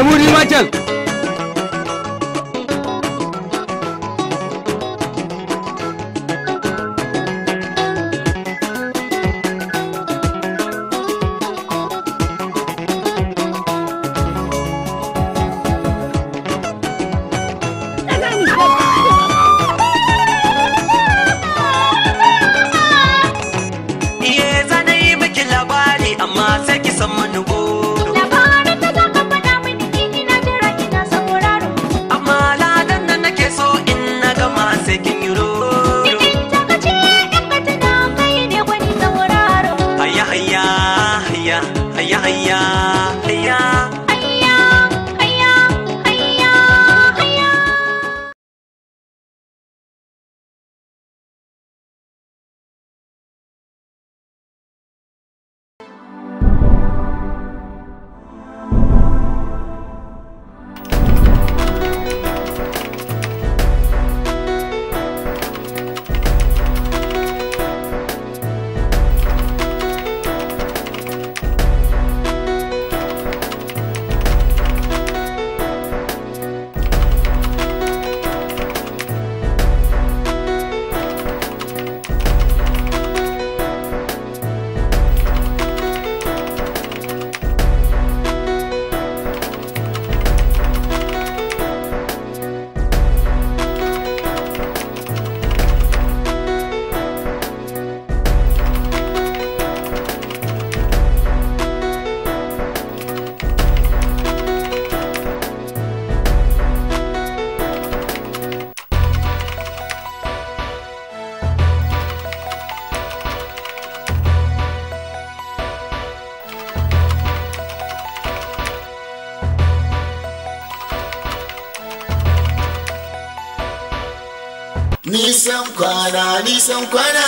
Lemuri Michael. nisan kwana nisan kwana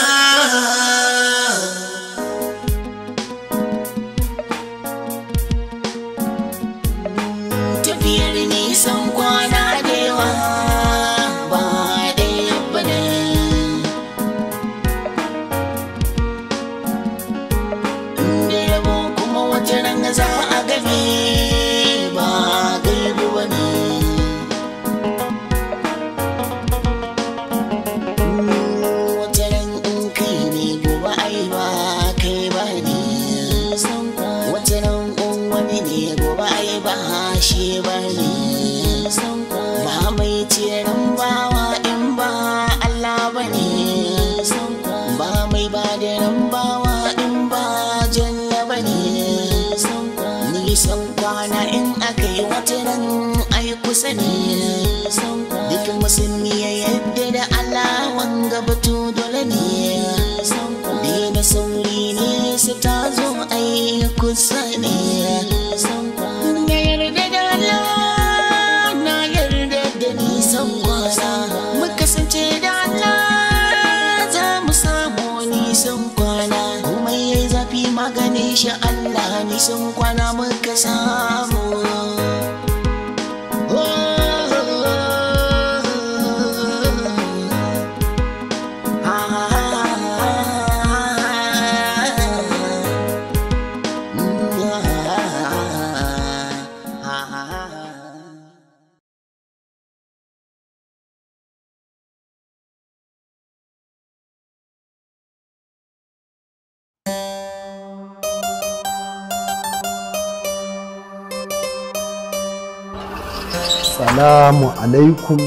Assalamu alaikum.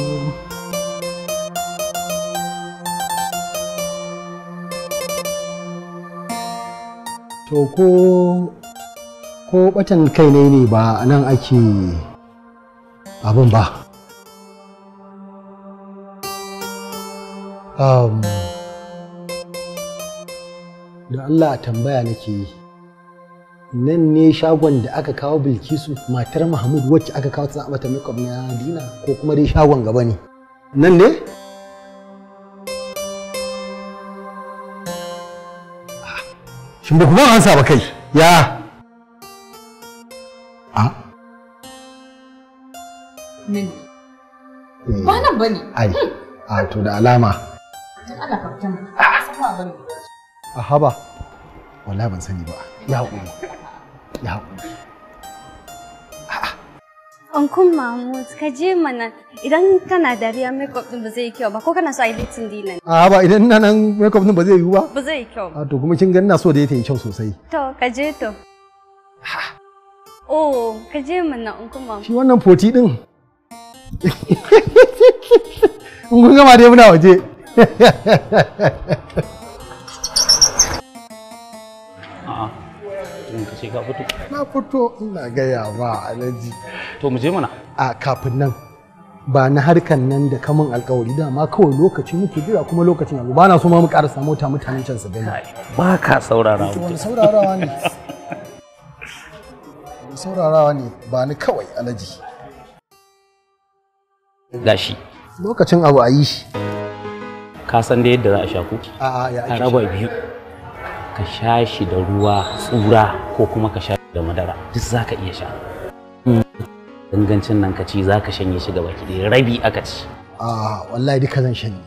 To ko ko batan kai ne ne ba nan ake abin ba. Um, da Allah tambaya nake yi. nan ne shagon da aka kawo bilkisu matar mahmud wacce aka kawo ta mata makeup na dina ko kuma dai shagon gaba ne nan ne shin ba kuma an saba kai ya a eh. nan ba nan bane ai hmm. a to da alama dan a haba wallahi ban sani ba ya haƙuri ki haƙuri. Ankun Mahmud, ka je mana idan kana dariya makeup din ba zai yi kyau ba ko kana so a yi litin dina ne. A ba idan ina nan makeup din ba zai yiwu ba? Ba zai yi kyau. A to kuma kin ga ina so da ya ta yi kyau sosai. To ka je to. Oh, ka je mana Ankun Mahmud. Shi wannan foti din. In kun gama dai muna waje. A'a. sai ka fito na fito ina gaya ba alaji to mu je mana a kafin nan ba na harkan nan da kamun alkawari dama kawai lokaci muke jira kuma lokacin abu ba na so ma mu ƙara samu ta mutanen can su gani ba ka saurara mutum saurarawa ne saurarawa ne ba ni kawai alaji gashi lokacin abu a yi shi ka san da yadda za a shaku. ku a raba biyu ka sha shi da ruwa tsura ko kuma ka sha da madara duk za ka iya sha dangancin mm. nan ka ci za ka shanye shi gaba ki rabi aka ci a ah, wallahi duka zan shanye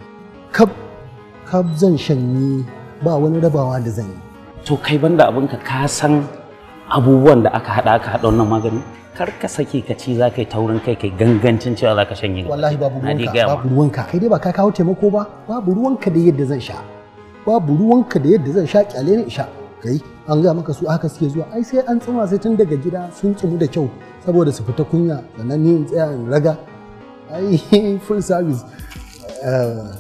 kab kab zan shanye ba wani rabawa da zan yi to kai banda abinka ka san abubuwan da aka hada aka hada wannan magani kar ka sake ka ci ka yi taurin kai kai gangancin cewa ka shanye wallahi babu ruwanka babu ruwanka kai dai ba ka kawo taimako ba babu ruwanka da yadda zan sha babu ruwanka da yadda zan sha kyale ne isha kai an ga maka su haka suke zuwa ai sai an tsama sai tun daga gida sun tsumu da kyau saboda su fita kunya sannan ni in tsaya in raga ai full service eh,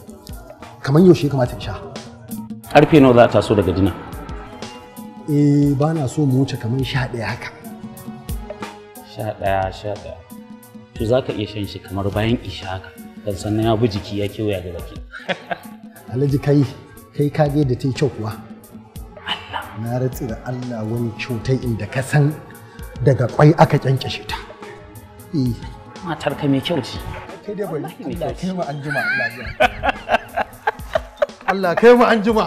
kamar yaushe kamata in sha karfe nawa za ta so daga dina eh ba na so mu wuce kamar sha ɗaya haka sha ɗaya sha ɗaya to za ka iya shan shi kamar bayan isha haka dan sannan ya bi jiki ya kewaya ga baki alhaji kai kai ka je da ta yi kyau kuwa na ratsi da Allah wani cutai inda ka san daga kwai aka kyankyashe ta eh. matar ka mai kyau ce kai dai bari Allah kai mu anjima Allah kai mu anjima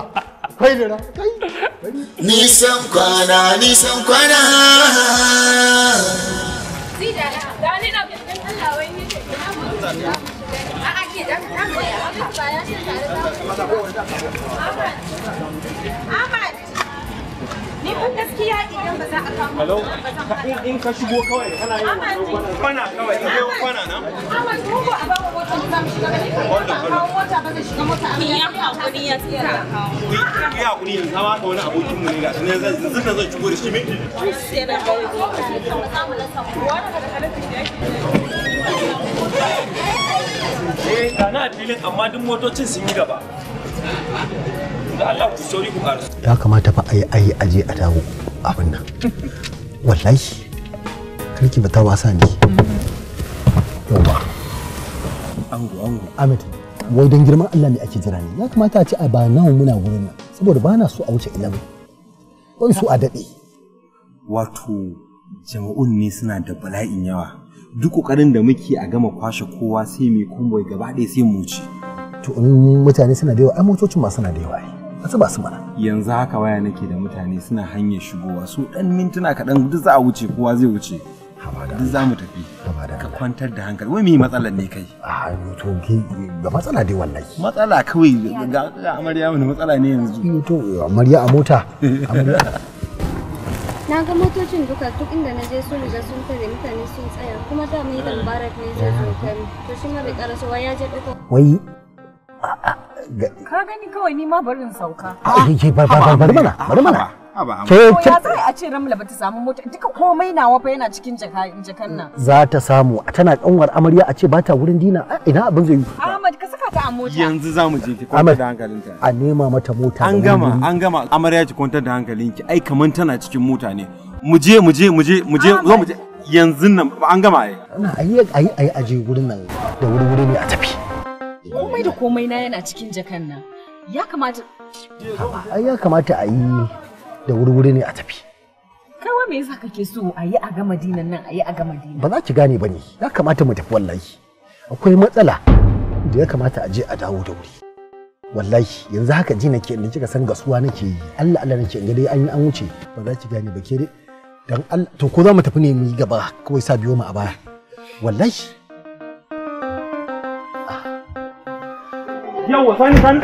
kai da kai nisan kwana nisan kwana ni na bin Allah wai ni ke na mu a ya haka ni idan ba za a Hello, in ka shigo kawai kana yi kwana kawai in yau kwana nan. Ahmad, mu ba a bawa mota za mu shiga gani ko ba kawo mota ba zai shiga mota amma ya hakuri ya tsira. Ku yi hakuri yanzu ma ka wani abokin mu ne ga shi ne zan zan zan shigo da shi me? Sai da kawai ko ka samu na samu wani daga halittar da yake. Eh, na filin amma duk motocin sun yi gaba. ya kamata fa ayi ayi aje a dawo abin nan wallahi karki ba ta wasa ne yawa ango ango amit wai dan girman Allah ne ake jira ne ya kamata a ce a ba nawa muna wurin nan saboda ba na so a wuce ilamu ban so a daɗe wato jama'un ne suna da bala'in yawa duk ƙoƙarin da muke a gama kwashe kowa sai mai kumboy gaba ɗaya sai mu wuce to in mutane suna da yawa ai motocin ma suna da yawa ai ba su mana yanzu haka waya nake da mutane suna hanyar shigowa su dan mintuna kaɗan duk za a wuce kowa zai wuce duk za mu tafi ka kwantar da hankali wai me matsalar ne kai a ah, to ga matsala dai wallahi matsala kawai ga amarya mun matsala ne yanzu eh, to amarya a mota na ga motocin duka duk inda na je sun riga sun tare mutane sun tsaya kuma da mai dan barak ne zai zo kan to shi ma bai karasowa ya je duka wai Ka gani kawai ni ma barin sauka. Ah, bari mana, bari mana. Ke ya za a ce Ramla ba ta samu mota duka komai nawa fa yana cikin jakan nan. Za ta samu tana kanwar amarya a ce ba ta wurin dina ina abin zai yi. Ahmad ka saka ta a mota. Yanzu za mu je ki kwanta da hankalinta. A nema mata mota. An gama an gama amarya ki kwanta da hankalinki ai kaman tana cikin mota ne. Mu je mu je mu je mu je zo mu je yanzu nan an gama ai. Ana ayi aje wurin nan da wuri wuri ne a tafi. komai da komai na yana cikin jakan nan ya kamata ai ya kamata a yi da wurwuri ne a tafi kai wa me yasa kake so a yi a ga madinan nan a yi a ga dinan ba za ki gane bane ya kamata mu tafi wallahi akwai matsala da ya kamata a je a dawo da wuri wallahi yanzu haka ji nake in kika san gasuwa nake yi Allah Allah nake ga dai an yi an wuce ba za ki gane ba ke dai dan Allah to ko za mu tafi ne mu yi gaba kawai sa biyo mu a baya wallahi yawa sani sani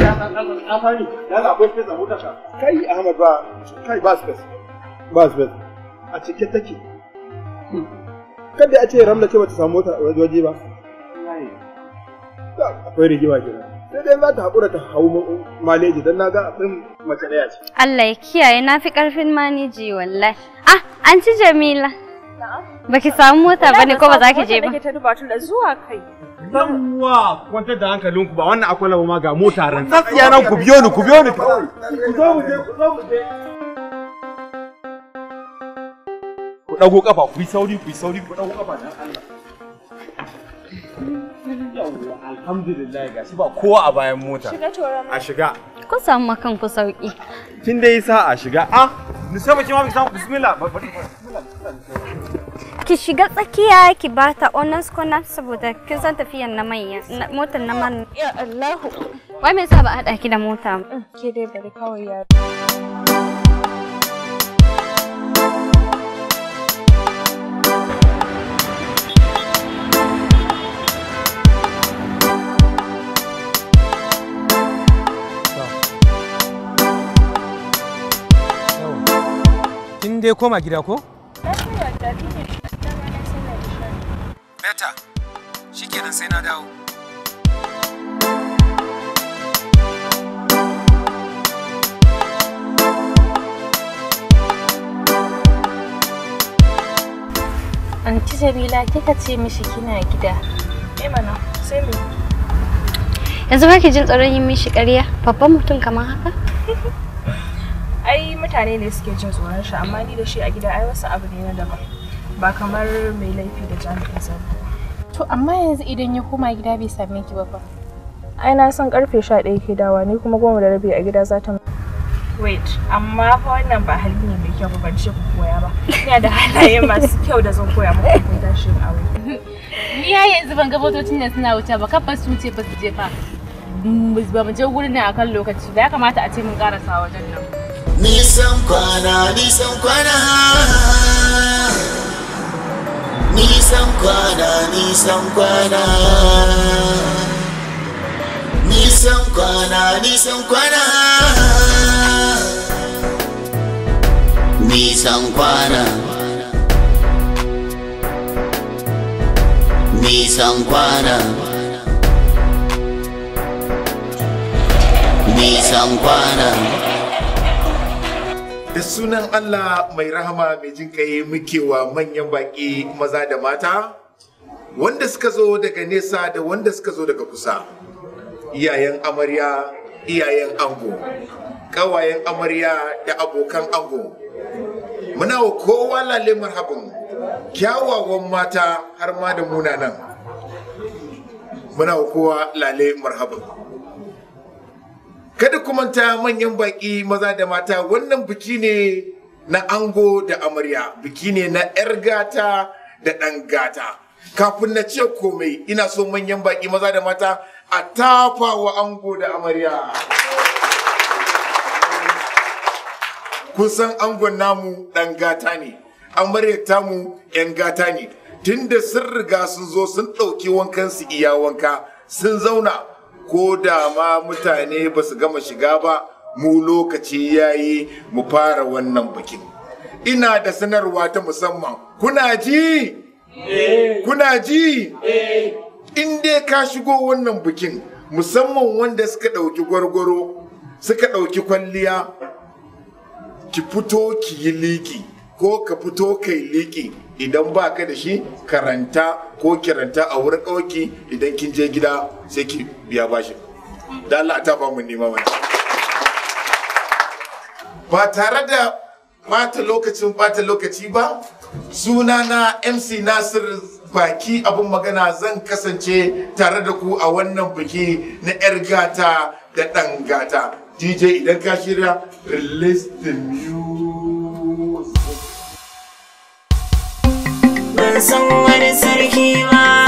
a sani yana akwai space a motarka kai ahmad ba kai ba space ba space a cike take kada a ce ramla ce bata samu mota waje ba akwai rigima kenan sai dai za ta haƙura ta hau maleji don na ga abin mace ɗaya ce. Allah ya kiyaye na fi ƙarfin maneji wallahi. Ah, an ci Jamila. Baki samu mota ba ne ko ba za ki je ba. ta duba da zuwa kai. Yawwa, kwantar da hankalinku ba wannan akwai ma ga mota ran. Tsatsiya nan ku biyo ni, ku biyo ni Ku zo mu je, ku zo mu je. Ku ɗago ƙafa, ku yi sauri, ku yi sauri, ku ɗago ƙafa dan Allah. Yawwa, alhamdulillah gashi ba kowa a bayan mota. Shiga toron. A shiga. Kun samu makan ku sauki. Kin dai sa a shiga. Ah, ni sai ba ki ma bi samu bismillah. Bismillah. Bismillah. كيشي قلت لك يا كبارتا اونس كون نفس بودك كيف انت في النمية موت النمى يا الله وين من سابق هذا كذا موتا كذا بالقوية إنتي كم عمرك؟ data shikenan sai na dawo anti Jamila kika ce mishi kina gida. Eh mana, sai me? Yanzu ba ki jin tsoron yin mishi ƙarya? Babban mutum kamar haka? Ai mutane ne suke jin tsoron shi amma ni da shi a gida ai wasu abu ne na daban. ba kamar mai laifi da jami'in tsaro to amma yanzu idan ya koma gida bai same ki ba fa ai na san karfe 11 ke dawa ni kuma goma da rabi a gida za ta wait amma fa wannan ba hali ne mai kyau ba ban ce ku koya ba ina da halaye masu kyau da zan koya muku kun tashi a wuri ni ya yanzu ban ga motocin da suna wuce ba kafa su ce ba su je fa mm, ba mu je gurin ne akan lokaci da ya kamata a ce mun karasa wajen nan nisan kwana nisan kwana nisan kwana nisan kwana nisan kwana nisan kwana nisan kwana nisan kwana nisan kwana da sunan Allah mai rahama mai jin kai muke wa manyan baƙi maza da mata wanda suka zo daga nesa da wanda suka zo daga kusa iyayen amarya iyayen ango kawayen amarya da abokan ango muna wa kowa lalle marhaban kyawawan mata har ma da munanan muna wa kowa lalle marhaban kada ku manta manyan baki maza da mata wannan biki ne na ango da amarya biki ne na 'yar gata da ɗan gata kafin na ce komai ina so manyan baki maza da mata a tafa wa ango da amarya kusan angon namu ɗan gata ne amaryar tamu 'yan gata ne tunda sun riga sun zo sun ɗauki wankan su iya wanka sun zauna ko da ma mutane ba su gama shiga ba mu lokaci ya yi mu fara wannan bikin ina da sanarwa ta musamman kuna ji eh. kuna ji eh. in dai ka shigo wannan bikin musamman wanda suka ɗauki gwargwaro suka ɗauki kwalliya ki fito ki yi liki ko ka fito kai liki idan ba ka da shi karanta ko kiranta a wurin ɗauki idan kin je gida sai ki biya bashi da Allah ta ba mu nima mana ba tare da bata lokacin bata lokaci ba suna na mc nasir baki abin magana zan kasance tare da ku a wannan biki na 'yar gata da ɗan gata dj idan ka shirya release the music ban san wani sarki ba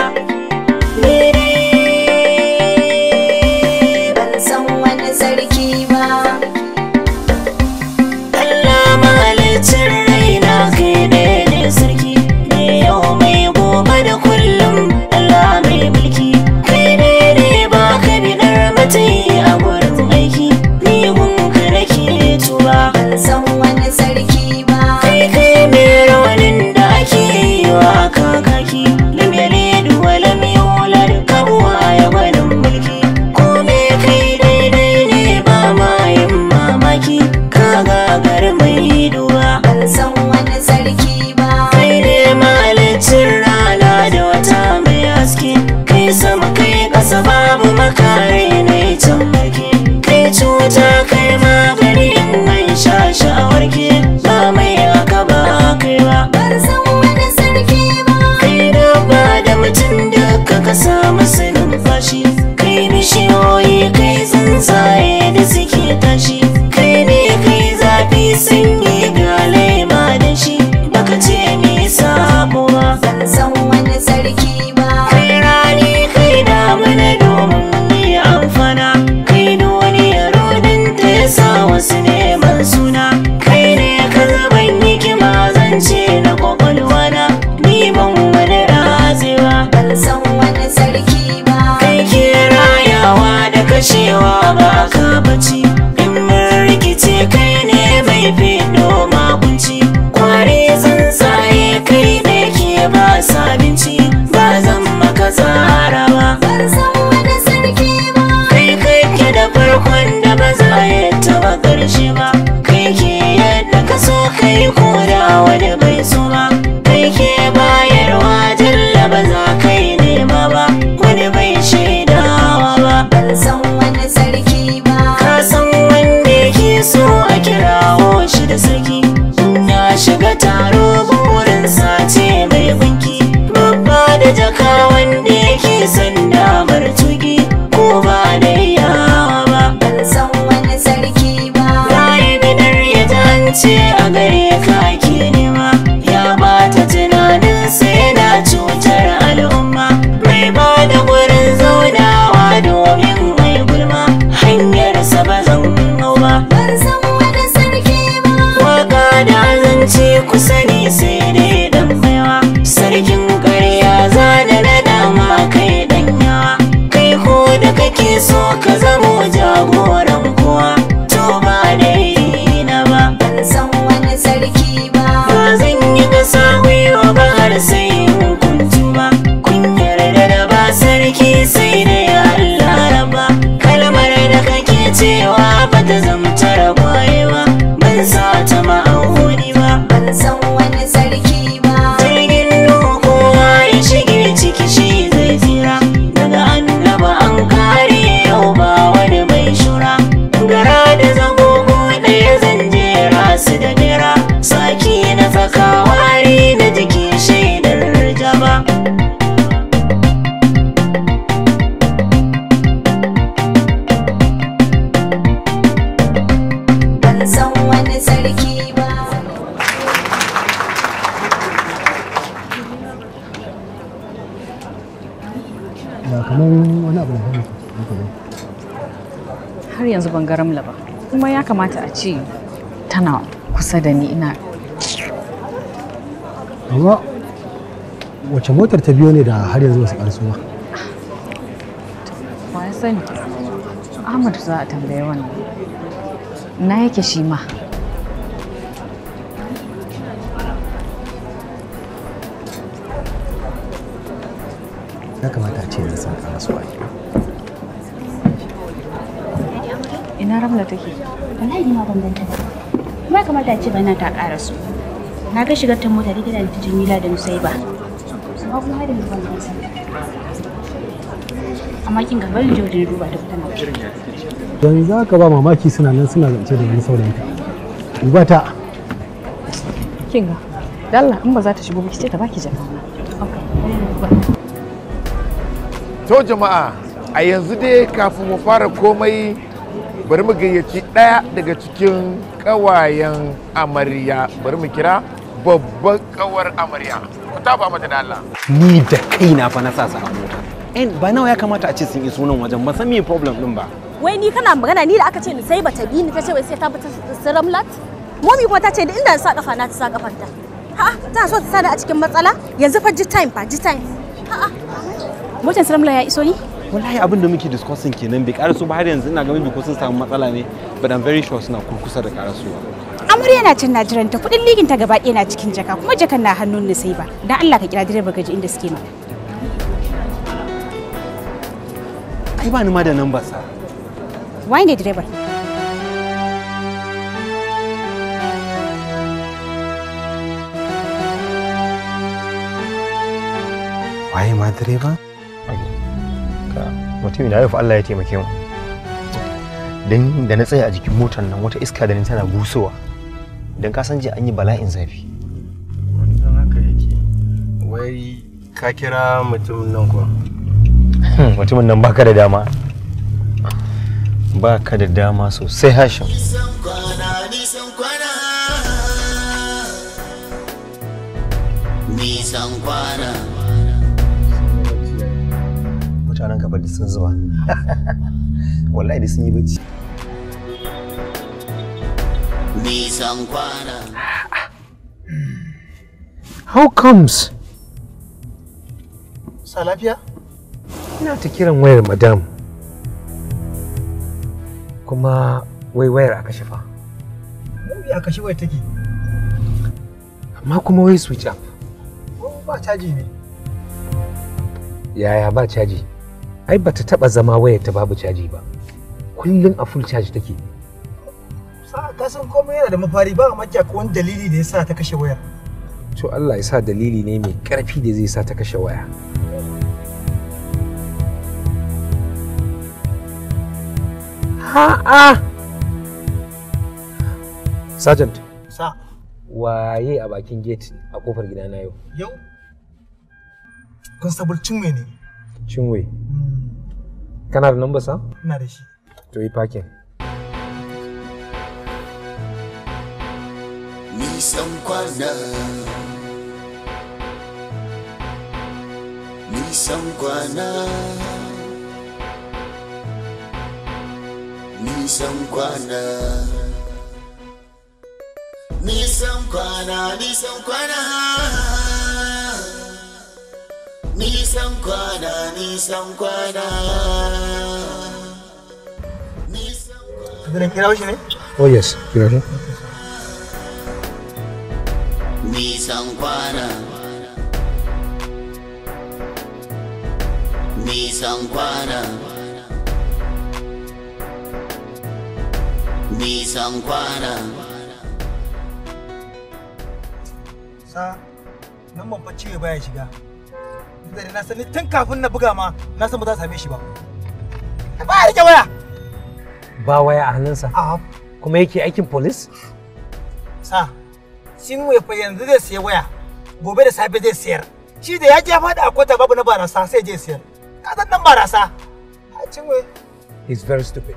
suna kamata a ce tana kusa da ni ina amma wace motar ta biyo ne da har yanzu wasu karsu ba wa ya sani ahmad za a tambaye wannan na yake shi ma ya kamata a ce yanzu sun kara ba ina ramla take ta ce bana ta ƙara su na ga shigar ta mota da ta jamila da amma kuma da ban san amma kin gabar da jojin ruba da kuma don za ka ba mamaki suna nan suna zance da wani saurayin ka duba ta kin ga dalla in ba za ta shigo ba ki ce ta baki to jama'a a yanzu dai kafin mu fara komai bari mu gayyaci ɗaya daga cikin kawayen amarya bari mu kira babban kawar amarya ku ba mata da Allah ni da kaina fa na sa a mota ba nawa ya kamata a ce sun yi sunan wajen ba san me problem din ba wai ni kana magana ni da aka ce ni sai bata bi ni ta ce wai sai ta bata siramlat momi kuma ta ce da inda sa kafa na ta sa kafar ta ha ta so ta sani a cikin matsala yanzu fa ji time fa ji time ha motan siramlat ya iso ni wallahi abin da muke discussing kenan bai karasu ba har yanzu ina ganin ko sun samu matsala ne but i'm very sure suna kurkusa da karasuwa amarya na can najiran ta kudin ligin ta gaba ɗaya na cikin jaka kuma jakan na hannun ni sai ba dan Allah ka kira direba gaji inda suke ma ai ba ni ma da number sa why ne direban Why am I mutum na rufe Allah ya taimake mu dan da na tsaya a jikin motar nan wata iska da ni tana gusowa dan ka san je an yi bala'in zafi wannan haka yake wai ka kira mutumin nan ko hmm, mutumin nan baka da dama baka da dama sosai hashim nisan kwana mutanen ka sun zuwa wallahi dai sun yi bacci kwana how comes salafiya lafiya ina ta kiran wayar madam kuma wai wayar aka shafa ya kashe wayar take amma kuma wai switch up oh, ba caji ne yaya ba caji ai bata taba zama wayar ta babu caji ba kullun a full charge take ka san komai yana da mafari ba makiya ko wani dalili da yasa ta kashe waya to Allah ya sa dalili ne mai karfi da zai sa ta kashe waya Ha'a! Sergeant. Sa. Waye a bakin gate a kofar gidana yau? Yau? Constable Chinwe ne. Chinwe. Mm. kana da number sa ina da shi to yi parking nisan kwana nisan kwana nisan kwana nisan kwana nisan kwana nisan kwana nisan kwana Zan kira shi ne? Oh yes, kira shi. Nisan kwana Nisan kwana Nisan kwana Sa, nan babba ce baya shiga. dare na sani tun kafin na buga ma na san ba za same shi ba ba ya rike waya ba waya a hannunsa kuma yake aikin police sa sin fa yanzu zai sayi waya gobe da safe zai sayar shi da ya je faɗi a kwata babu na barasa sai je sayar ka san nan barasa a cinwe is very stupid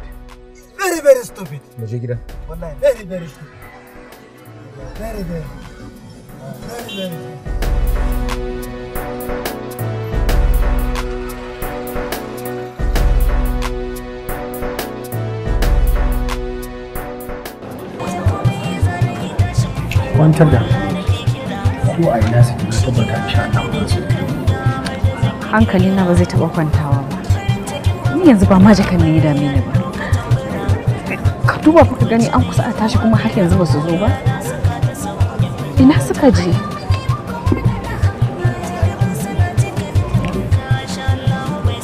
he's very very stupid mu je gida wallahi very very stupid very very very very stupid kwantar da ko a ina su tabbata insha Allah ba su hankali na ba zai taba kwantawa ba ni yanzu ba ma jaka ne da dame ni ba ka duba ka gani an kusa a tashi kuma har yanzu ba su zo ba ina suka je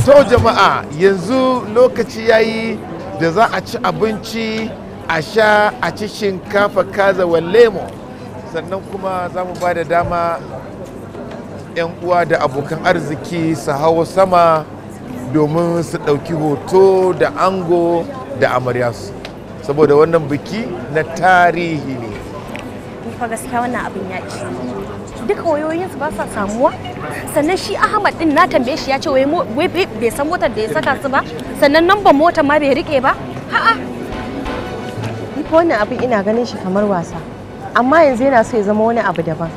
to jama'a yanzu lokaci yayi da za a ci abinci a sha a ci shinkafa kaza wa lemo sannan kuma za mu ba da dama 'yan uwa da abokan arziki su hawa sama domin su ɗauki hoto da ango da amaryasu saboda wannan biki na tarihi ne fa gaskiya wannan abin ya ci duka wayoyinsu ba sa samuwa sannan shi ahmad din na tambaye shi ya ce wai bai san motar da ya saka su ba sannan namban motar ma bai rike ba ha'a wannan abin ina ganin shi kamar wasa amma yanzu yana so ya zama wani abu daban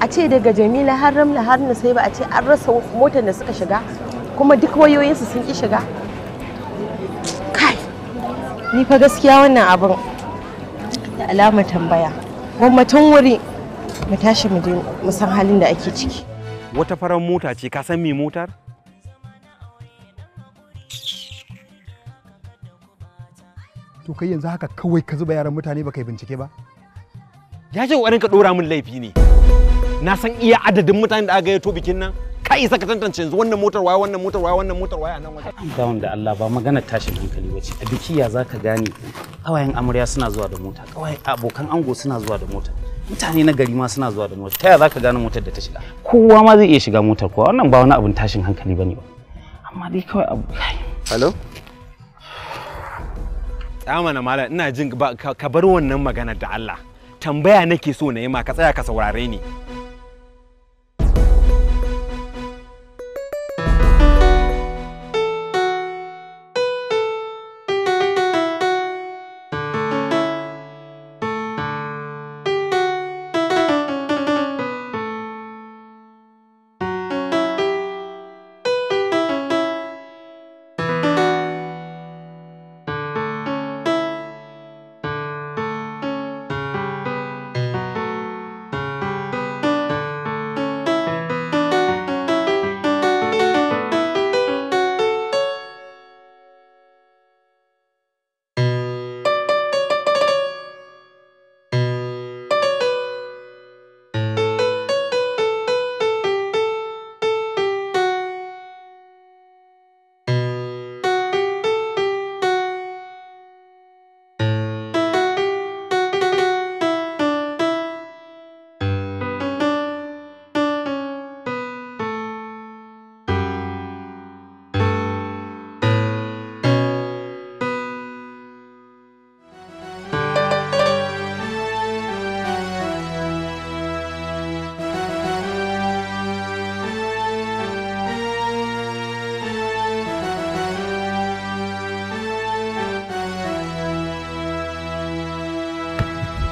a ce daga jamila har ramla har sai ba a ce an rasa motar da suka shiga kuma duk wayoyinsu sun ki shiga kai ni fa gaskiya wannan abin da alama tambaya gwamnatin wuri mu tashi mu je mu san halin da ake ciki wata farar mota ce ka san me motar to kai yanzu haka kawai ka zuba yaran mutane baka yi bincike ba ya ce ƙoƙarin ka ɗora min laifi ne na san iya adadin mutanen da aka yato bikin nan ka isa ka tantance yanzu wannan motar waya wannan motar waya wannan motar waya a nan wajen down da Allah ba magana tashin hankali wace a biki ya zaka gane kawayen amarya suna zuwa da mota kawai abokan ango suna zuwa da mota mutane na gari ma suna zuwa da mota ta ya zaka gane motar da ta shiga kowa ma zai iya shiga motar kowa wannan ba wani abin tashin hankali bane ba amma dai kawai abu hello tsama na mala ina jin ka bar wannan magana da Allah tambaya nake so na yi ma ka tsaya ka saurare ni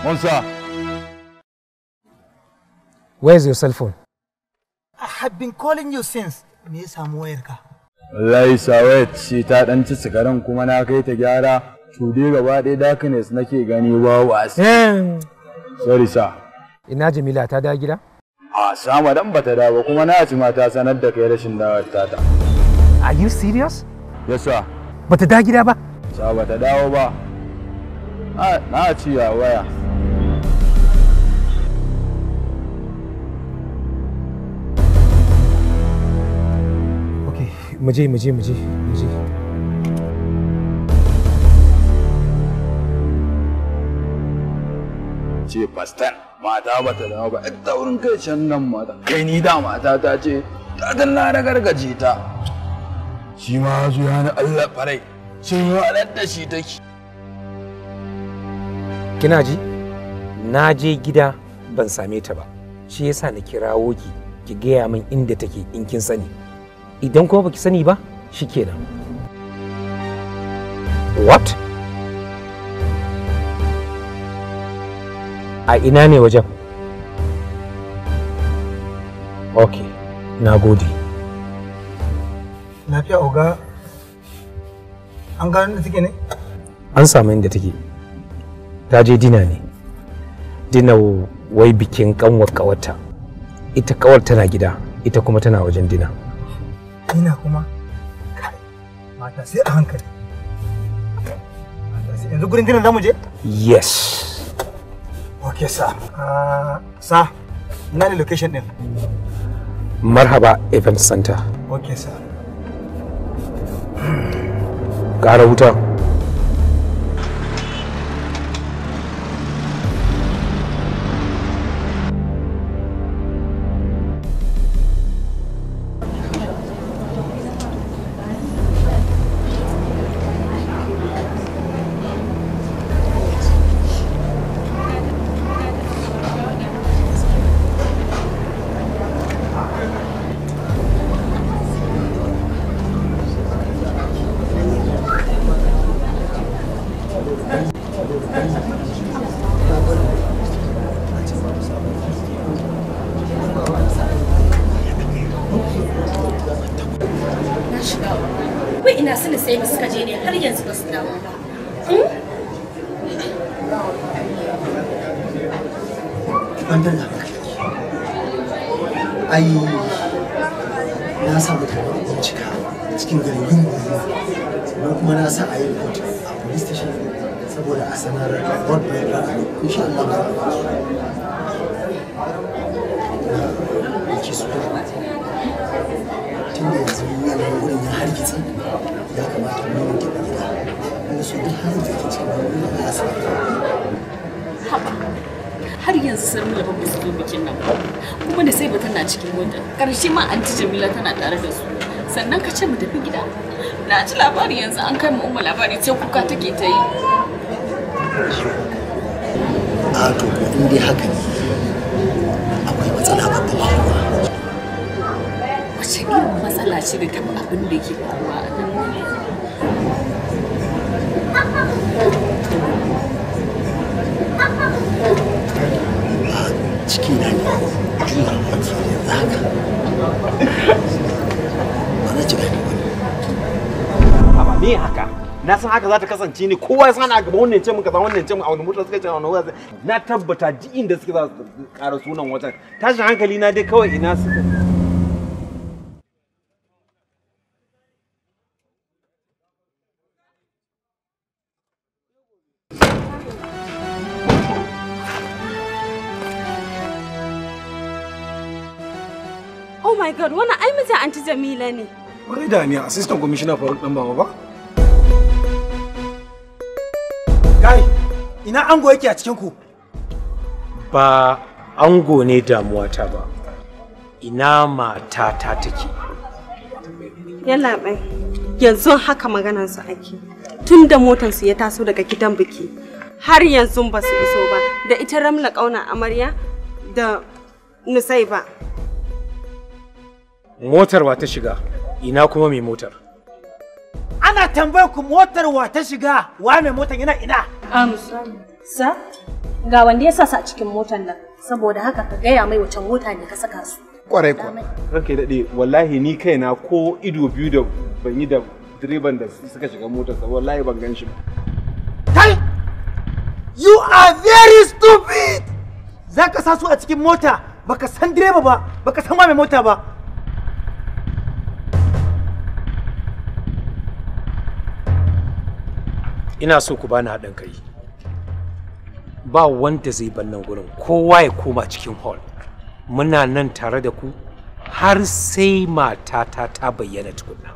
Musa. Where is your cell phone? I have been calling you since. Me ya samu wayarka? Wallahi Sawet shi ta dan ci sigaran kuma na kai ta gyara. Tude gaba ɗaya darkness nake gani ba wasi. Hmm. Sorry sa. Ina Jamila ta da gida? A sama dan bata dawo kuma na ci mata sanar da kai rashin dawar ta. Are you serious? Yes sir. Bata da gida ba? Sa bata dawo ba. Na ci ya waya. mu je mu je mu je ce pastan mata ba ta dawo ba ɗan taurin kai can nan mata kai ni da mata ta ce ta danna na gargaje ta shi ma su ni Allah farai sun walar da shi take kina ji na je gida ban same ta ba shi yasa na kirawo ki ki gaya min inda take in kin sani idan kuma baki sani ba shi kenan. what a ina ne wajen ok na gode lafiya oga an gano da take ne an samu inda take ta je dina ne dina wai bikin kanwar kawarta ita kawar tana gida ita kuma tana wajen dina ina kuma kai mata sai a hankali yanzu gurin dinar zamu je yes ok sa ah, sa ina ne location din marhaba event center ok sa ƙara wuta saboda a sanar wadda ya rana insha Allah ba da ke su tun da yanzu yanayin wurin ya hargitsi ya kamata mu yi gida gida wanda su duk hannun da ke cikin wurin ya sa har yanzu sun laba ba su zo bikin nan kuma da sai ba tana cikin wanda. ƙarshe ma anti jamila tana tare da su sannan ka ce mu tafi gida na ji labari yanzu an kai mu umma labari ce kuka take ta yi a to ko haka ne akwai matsala babba ba kuwa wace irin matsala ce da abin da ke faruwa a nan ciki na ne juna ba na haka? na san haka za ta kasance ne kowa ya sana a gaba wannan ce muka kaza wannan ce mun a wani mutum suka ce a wani wata na tabbata ji inda suka za su ƙara sunan watan tashin hankali na dai kawai ina suka Oh my god, wannan ai mijin anti Jamila ne. Wai da ni assistant commissioner Faruk dan baba ba? ina ango yake a cikin ku ba ango ne damuwata ba ina ta take yalla bai yanzu haka maganar su ake tun da motar su ya taso daga gidan biki har yanzu ba su iso ba da ita ramla kauna amarya da nusai ba motar wa ta shiga ina kuma mai motar ana tambayar ku motar wa ta shiga wa mai motar yana ina sa, ga wanda ya sa a cikin motar nan, saboda haka ka gaya mai wacan mota ne ka saka su. Kwarai kwa. Ranka daɗe, wallahi ni kaina ko ido biyu da ban yi da direban da suka shiga motar sa, wallahi ban gan shi ba. Kai! You are very stupid! Za ka sa su a cikin mota, baka san direba ba, baka san mai mota ba, ina so ku bani haɗin kai ba wanda zai ban nan gurin kowa ya koma cikin hall muna nan tare da ku har sai matata ta bayyana tukunna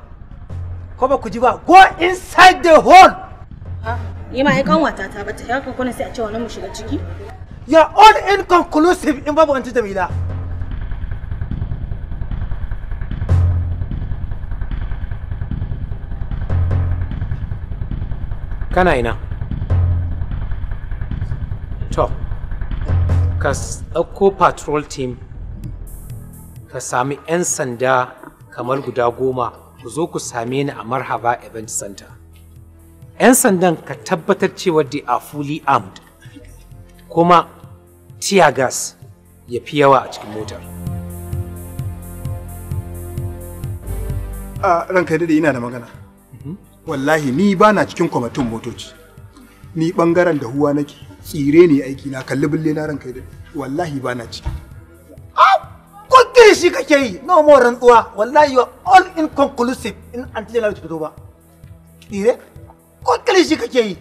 ko ba ku ji ba go inside the hall ah, yi ma aikan wata ta bata ya kuna sai a ce wani mu shiga ciki ya all inconclusive in babu anti jamila kana ina to ka ɗauko patrol team ka sami 'yan sanda kamar guda goma ku zo ku same ni a marhaba event center 'yan sandan ka tabbatar cewa they are fully armed kuma tear gas ya fi yawa a cikin motar a ah, ranka da ina da magana wallahi ni ba na cikin kwamitin motoci ni bangaren da huwa nake tsire ne aiki na kalli bille na ranka da wallahi ba na ciki kokiri shi kake yi no more rantsuwa wallahi you are all inconclusive in until na fito ba tsire kokiri shi kake yi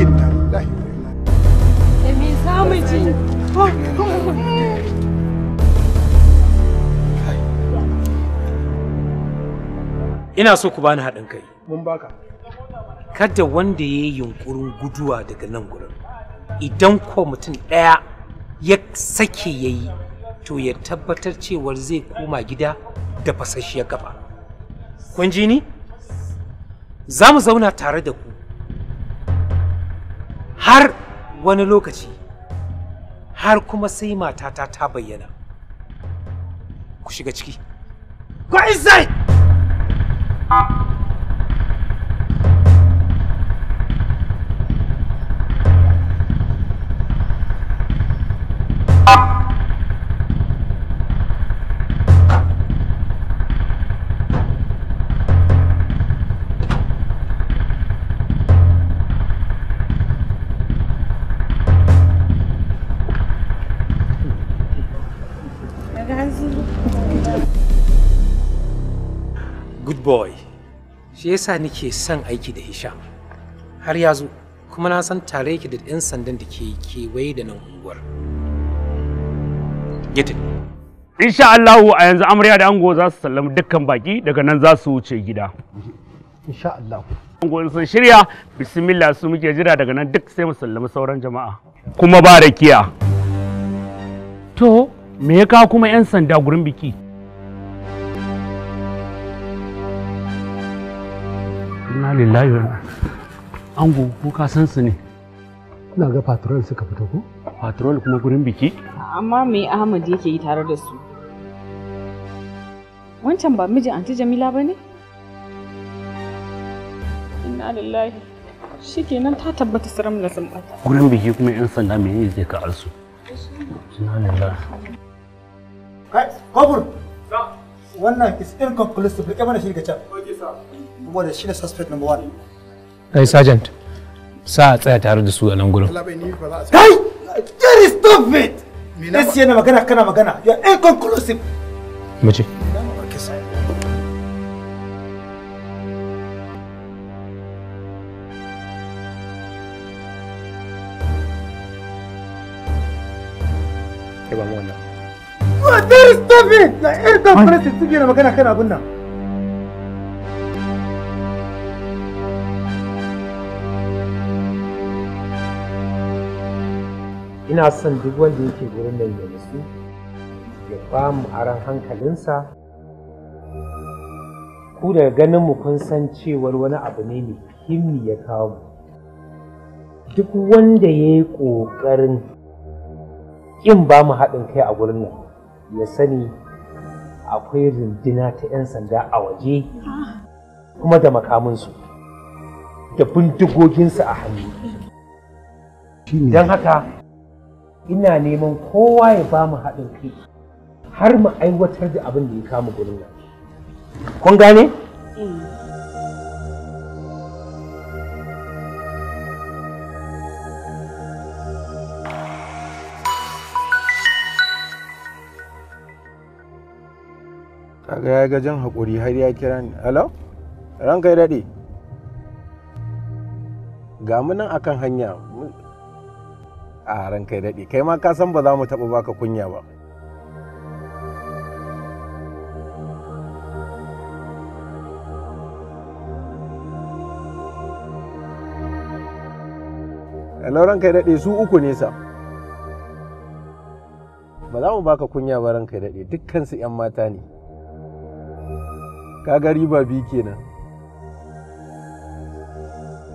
inna lillahi wa inna ilaihi raji'un eh, me samu ji ina so ku bani haɗin kai mun baka kada wanda ya yi yunkurin guduwa daga nan gurin idan ko mutum ɗaya ya sake ya yi to ya tabbatar cewar zai koma gida da fasasshiyar gaba kun ji ni za mu zauna tare da ku har wani lokaci har kuma sai matata ta bayyana ku shiga ciki ko izai Thank you boy shi yasa nake son aiki da hisham har ya zo kuma na san tare yake da 'yan sandan da ke kewaye da nan unguwar insha Allah a yanzu amarya da ango za su sallama dukkan baki daga nan za su wuce gida insha Allah ango sun shirya bismillah su muke jira daga nan duk sai mu sallama sauran jama'a kuma ba rakiya to me ya kawo kuma 'yan sanda gurin biki Ina lillahi wa Ango ko ka san su ne? Ina ga patrol suka fito ko? Patrol kuma gurin biki? Amma me Ahmad yake yi tare da su? Wancan ba mijin Anti Jamila ba ne? Inna lillahi. kenan ta tabbata siram na sun Gurin biki kuma 'yan sanda me ne zai ka arsu. Inna lillahi. Kai, kofur! Wannan is inconclusive, rike mana shi daga can. saboda shi da suspect number one. Kai sergeant, sa a tsaya tare da su a nan gurin. Kai! Jerry, stop it! This yana magana kana magana, you are inconclusive. Mace. What? There is nothing! Na irkan fara su yana magana kana abun ina son duk wanda yake gurin nan ya nisu ya ba mu aran hankalinsa ku daga ganin mu kun san cewar wani abu ne mai himmi ya kawo mu duk wanda ya yi ƙoƙarin ƙin ba mu haɗin kai a gurin nan ya sani akwai rundina ta 'yan sanda a waje kuma da makaminsu da bindigoginsu a hannu don haka ina neman kowa ya ba mu haɗin kai har mu aiwatar da abin da ya kama gurin nan kun gane? Eh. kaga ya ga jan haƙuri har ya kira ni hello ranka ya daɗe ga mu nan akan hanya a ran kai daɗe kai ma ka san ba za mu taɓa baka kunya ba lauran kai daɗe su uku nesa ba za mu baka kunya ba ran kai daɗe dukkansu 'yan mata ne kaga riba biyu kenan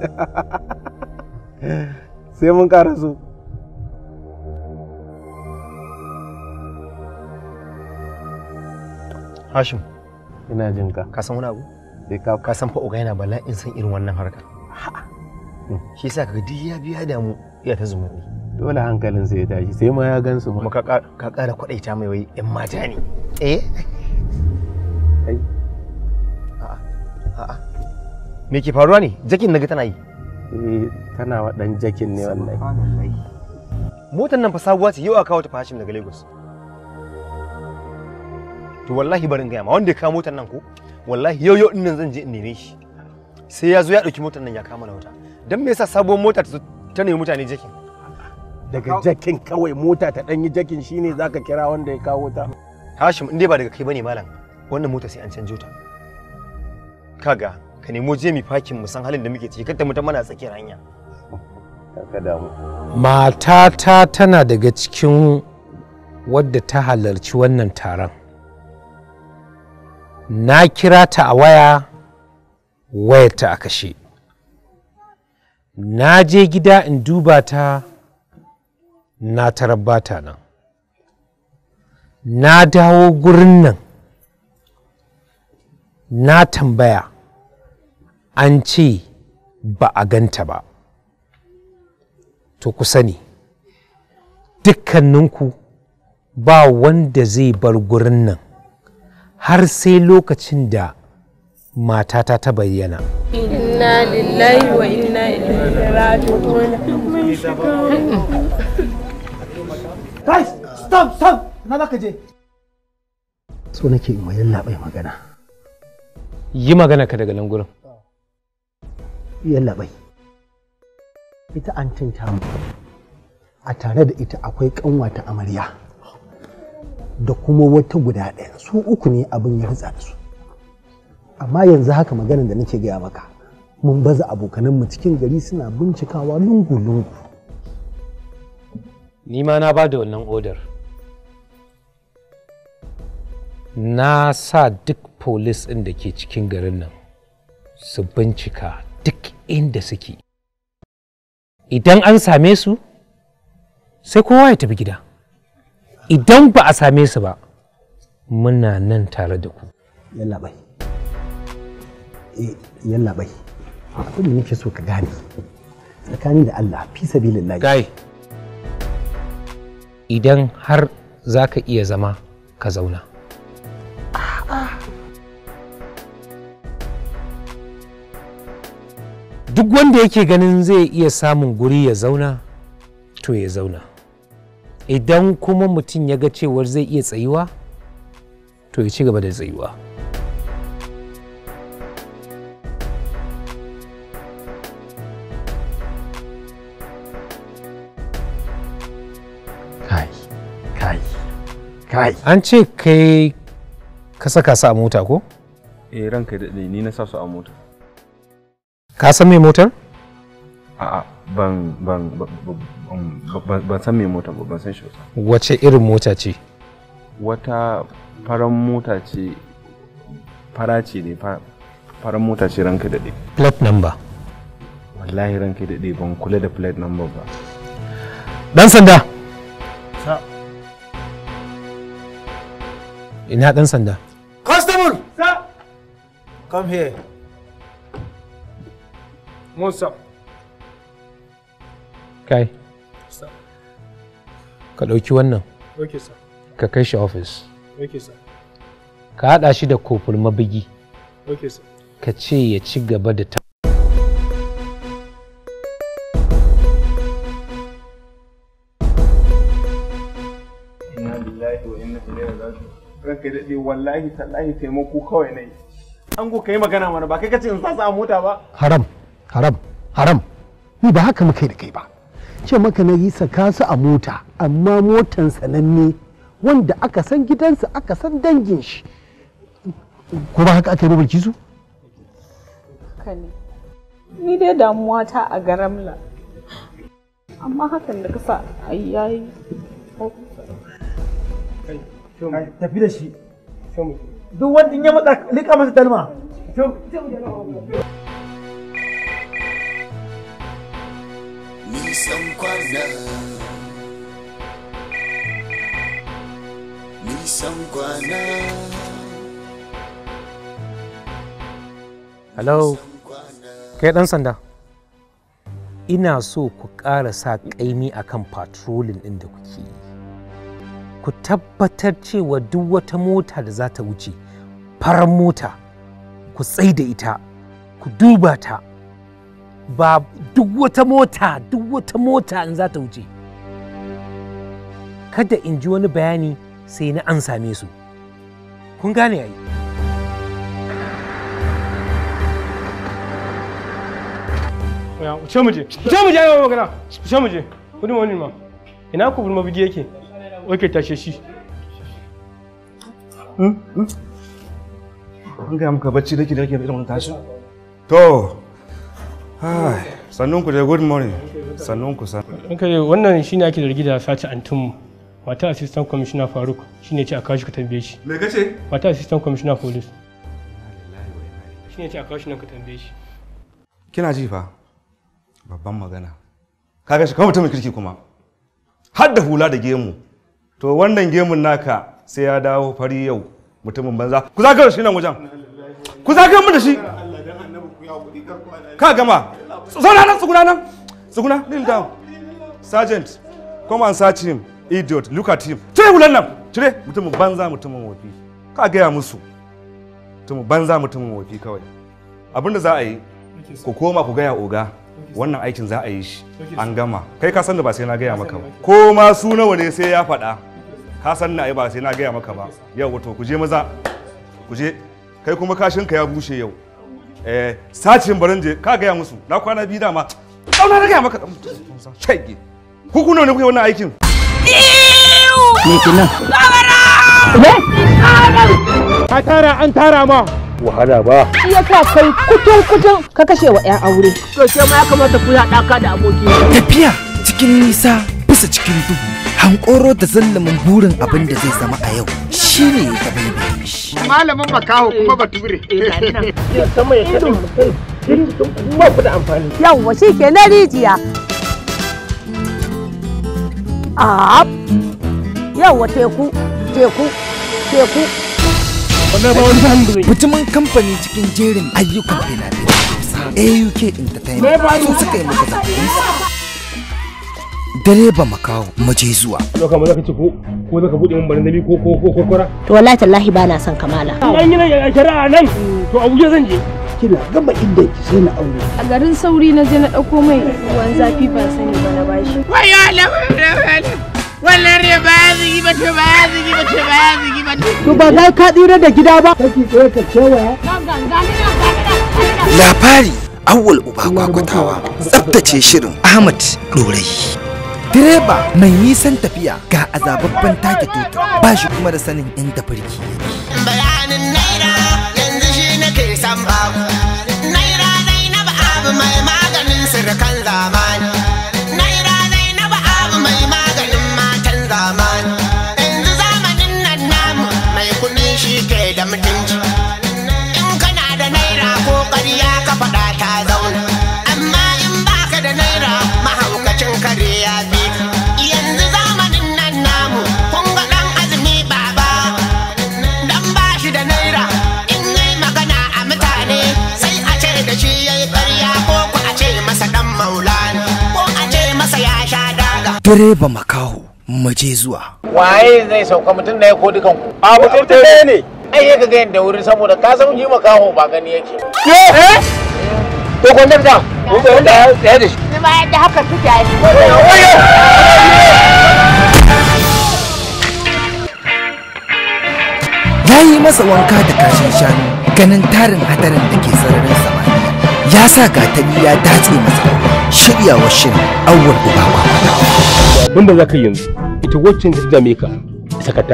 sai mun ƙara su Hashim. Ina jin ka. Ka san wani abu? Bai eh, ka ka san fa uga yana bala'in san irin wannan harka. Ha'a. Hmm. Shi yasa kaga duk ya biya da mu ya ta zumuni. Dole hankalin sai ya tashi sai ma ya gansu ma. Ka ka kara mai wai yan mata ne. Eh? Ai. A'a. Me ke faruwa ne? Jakin naga tana yi. Eh, tana wa dan jakin ne wallahi. Motar nan fa sabuwa ce yau aka kawo ta Hashim daga Lagos. to wallahi barin gaya ma wanda ya kawo motar nan ko wallahi yau yau nan zan je in neme shi sai ya zo ya ɗauki motar nan ya kama na wuta don me yasa sabuwar mota ta nemi mutane jakin daga jakin kawai mota ta ɗanyi jakin shine zaka kira wanda ya kawo ta hashim in dai ba daga kai bane malam wannan mota sai an canjo ta kaga ka nemo je mi fakin mu san halin da muke ciki kada mutum mana tsakiyar hanya matata tana daga cikin wadda ta halarci wannan taron na kira ta a waya wayarta a kashe na je gida in duba ta na tarabbata nan na dawo gurin nan na tambaya an ce ba a ganta ba to ku sani dukkaninku ba wanda zai bar gurin nan har sai lokacin da matata ta bayyana. Inna lillahi wa inna ilaihi stop, stop. Na zaka je. So nake in wayan labai magana. Yi magana ka daga nan gurin. Ita an tinta a tare da ita akwai kanwa ta amarya. da kuma wata guda ɗaya su uku ne abin ya rutsa da su amma yanzu haka maganar da nake gaya maka mun baza abokanan mu cikin gari suna bincikawa lungu-lungu ni ma na bada wannan odar na sa duk polis ɗin da ke cikin garin nan su bincika duk inda suke idan an same su sai kowa ya tafi gida idan ba a same su ba muna nan tare da ku yalla bai eh, abin da nake so ka gane tsakani da Allah fi idan har za ka iya zama ka zauna duk wanda yake ganin zai iya samun guri ya zauna to ya zauna idan kuma mutum ya ga cewar zai iya tsayuwa to ya ci gaba da tsayuwa kai kai kai an ce kai ka saka su a mota ko? eh ranka da ni na sa su a mota ka san mai motar? a'a ban ban ban san me mota ba ban san shi ba wace irin mota ce wata faran mota ce fara ce ne faran mota ce ranka daɗe plate number wallahi ranka daɗe ban kula da plate number ba dan sanda ina dan sanda constable come here musa kai ka ɗauki wannan ka kai shi ofis ka haɗa shi da kofin mabigi ka ce ya ci gaba da ta ranka ya daɗe wallahi tallahi taimako kawai na yi an go ka yi magana mana ba kai ka ce in sa a mota ba haram haram haram ni ba haka muka yi da kai ba ce maka na yi kasu a mota amma motan sananne wanda aka san gidansa aka san dangin shi ko ba haka aka yi babarki su ni dai damuwa ta a garamla amma hakan da kasa ai yayi tafi da shi duk wanda ya matsa lika masa dalma nisan kwana nisan kwana hello kai dan sanda ina so ku ƙara sa ƙaimi akan patrolin ɗin da kuke yi ku tabbatar cewa duk wata mota da za ta wuce farar mota ku tsaida ita ku duba ta ba duk wata mota duk wata mota in za ta wuce kada in ji wani bayani sai na an same su kun gane ai mu mu je mu je, wani ma, ina ku bulma bigi yake, oke tashe shi. Hmm? Hmm? An gaya muka bacci da ke da ke irin wani tashi? To, sannunku ku da good morning sannunku san kai wannan shine ake zargi da sace antum wata assistant commissioner faruk shine ce a shi ka tambaye shi me kace wata assistant commissioner police shine ce a shi nan ka tambaye shi kina ji fa babban magana ga shi kawai mutumin kirki kuma har da hula da gemu to wannan gemun naka sai ya dawo fari yau mutumin banza ku zaka shi nan wajen ku zaka mu da shi ka gama zauna nan tsuguna nan tsuguna lean down sergeant come and search him idiot look at him cire hular nan cire mutumin banza mutumin wofi ka gaya musu mutumin banza mutumin wofi kawai abinda za a yi ku koma ku gaya oga wannan aikin za a yi shi an gama kai ka san da ba sai na gaya maka ba ko ma su nawa ne sai ya faɗa ka san na ba sai na gaya maka ba yau wato ku je maza ku je kai kuma kashinka ya bushe yau eh sacin barin ka gaya musu na kwana biyu dama kauna na gaya maka shege ku kuna ne kuke wannan aikin me kenan ka tara an tara ma wahala ba iya ka kai kutun kutun ka kashe wa ƴan aure to sai ma ya kamata ku haɗa ka da aboki tafiya cikin nisa bisa cikin duhu hankoro da zallamin burin abin da zai zama a yau shi ne ya taɓa shi. Malamin makaho kuma bature. Yawwa shi ke na rijiya. Ahab. Yawwa teku, teku, teku. Mutumin kamfani cikin jerin ayyukan fina-finai. AUK Entertainment su suka yi maka zafi. direba makaho mu je zuwa to kamar zaka ci ko ko zaka bude mun barin nabi ko ko ko kora to wallahi tallahi ba na son kamala an yi shari'a nan to abuja zan je kina gaba inda ki sai na aure a garin sauri na je na dauko mai ruwan zafi ba sani ba na bashi wayo wannan ba ya zigi ba to ba ya zigi ba to ba ya zigi ba to ba za ka tsira da gida ba kake tsaye ka cewa labari awwal uba kwakwatawa tsabtace shirin ahmad dorai direba mai nisan tafiya ga azababban take tuta ba shi kuma da sanin inda birki yake direba makaho mace zuwa waye zai sauka mutum da ya ko dukan ku a mutum ta ne ai ya ga da wuri saboda ka san ji makaho ba gani yake ke eh to eh? gwamnati da da ya da shi ni ma yadda haka Ya yi masa wanka da kashin shanu ganin tarin hadarin da ke sararin ya sa gatari ya datse masa shiryawa shin awwal ubawa mun ba za ka yanzu ita wacce ta dame ka sakata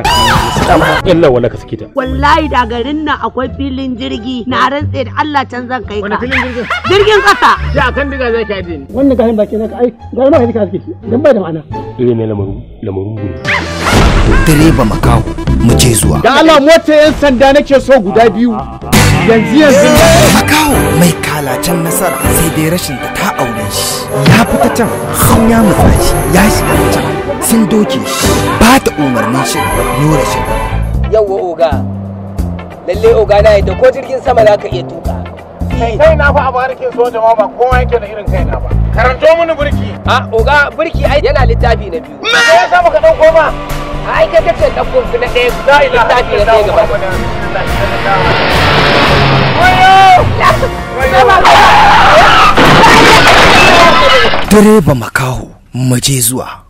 yalla wala ka sakita wallahi da garin nan akwai filin jirgi na rantsa da Allah can zan kai ka wani filin jirgin jirgin kasa ya kan diga zai kai din wannan garin baki ka ai garin ba ka sakita dan ba da ma'ana dire ne lamarin lamarin direba makaho mu je zuwa da Allah mota yan sanda nake so guda biyu yanzu yanzu eh, makaho mai kalacen nasara sai dai rashin da ta aure shi ya fita can sun ya mutsa shi ya shiga can sun doke shi ba ta umarnin shi nura shi yawwa oga lalle oga na yadda ko jirgin sama za ka iya tuka kai kai na fa a barikin soja ma ba kowa yake da irin kai na ba karanto mini burki a oga burki ai yana littafi na biyu me yasa baka dauko ba ai kai kace dauko ku na ɗaya da littafi na ɗaya gaba Direba makaho, maje zuwa.